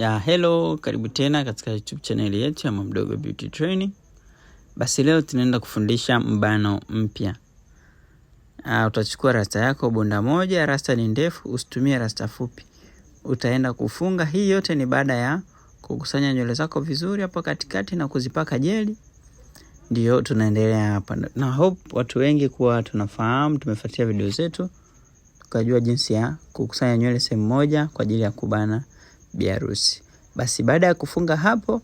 Ya hello, karibu tena katika YouTube channel yetu ya Mamdogo Beauty Training. Basi leo tunaenda kufundisha mbano mpya. Uh, utachukua rasta yako bunda moja, rasta ni ndefu, usitumie rasta fupi. Utaenda kufunga. Hii yote ni baada ya kukusanya nywele zako vizuri hapa katikati na kuzipaka jeli. Ndio tunaendelea hapa. Na hope watu wengi kuwa tunafahamu, tumefuatia video zetu tukajua jinsi ya kukusanya nywele sehemu moja kwa ajili ya kubana harusi. Basi baada ya kufunga hapo,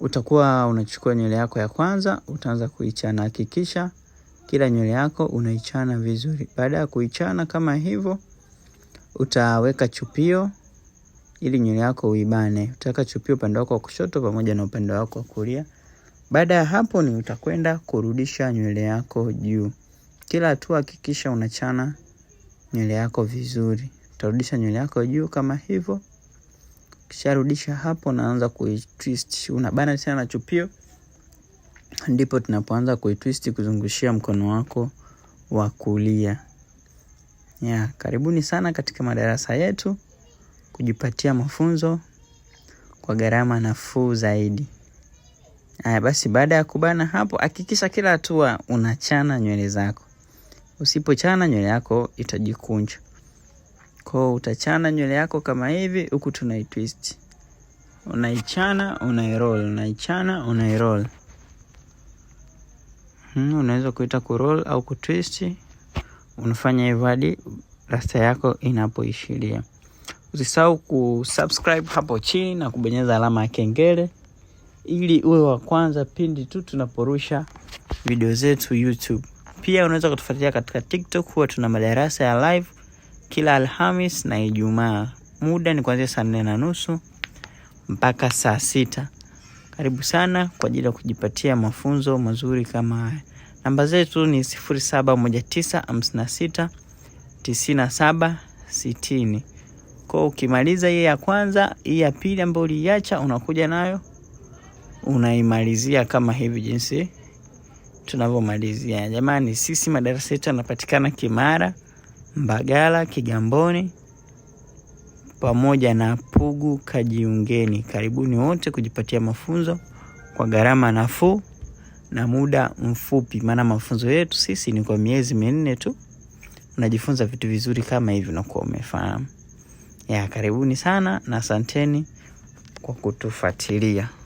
utakuwa unachukua nywele yako ya kwanza, utaanza kuichana. Hakikisha kila nywele yako unaichana vizuri. Baada ya kuichana kama hivyo, utaweka chupio ili nywele yako uibane. Utaweka chupio upande wako wa kushoto pamoja na upande wako wa kulia. Baada ya hapo, ni utakwenda kurudisha nywele yako juu. Kila hatua hakikisha unachana nywele yako vizuri. Utarudisha nywele yako juu kama hivyo. Kisharudisha hapo, naanza kuitwist, unabana tena na chupio, ndipo tunapoanza kuitwist kuzungushia mkono wako wa kulia. Ya, karibuni sana katika madarasa yetu kujipatia mafunzo kwa gharama nafuu zaidi. Haya basi, baada ya kubana hapo, hakikisha kila hatua unachana nywele zako. Usipochana nywele yako itajikunja. Kwa utachana nywele yako kama hivi, huku tunaitwist, unaichana unairoll, unaichana unairoll. Hmm, unaweza kuita kuroll au kutwist. Unafanya hivyo hadi rasta yako inapoishiria. Usisahau kusubscribe hapo chini na kubonyeza alama ya kengele ili uwe wa kwanza pindi tu tunaporusha video zetu YouTube. Pia unaweza kutufuatilia katika TikTok, huwa tuna madarasa ya live kila Alhamis na Ijumaa. Muda ni kuanzia saa nne na nusu mpaka saa sita. Karibu sana kwa ajili ya kujipatia mafunzo mazuri kama haya. Namba zetu ni 0719569760. Kwa ukimaliza hii ya kwanza, hii ya pili ambayo uliiacha unakuja nayo unaimalizia kama hivi jinsi tunavyomalizia. Jamani, sisi madarasa yetu yanapatikana Kimara. Mbagala Kigamboni pamoja na Pugu kajiungeni. Karibuni wote kujipatia mafunzo kwa gharama nafuu na muda mfupi, maana mafunzo yetu sisi ni kwa miezi minne tu. Unajifunza vitu vizuri kama hivi, unakuwa umefahamu. Ya, karibuni sana na asanteni kwa kutufuatilia.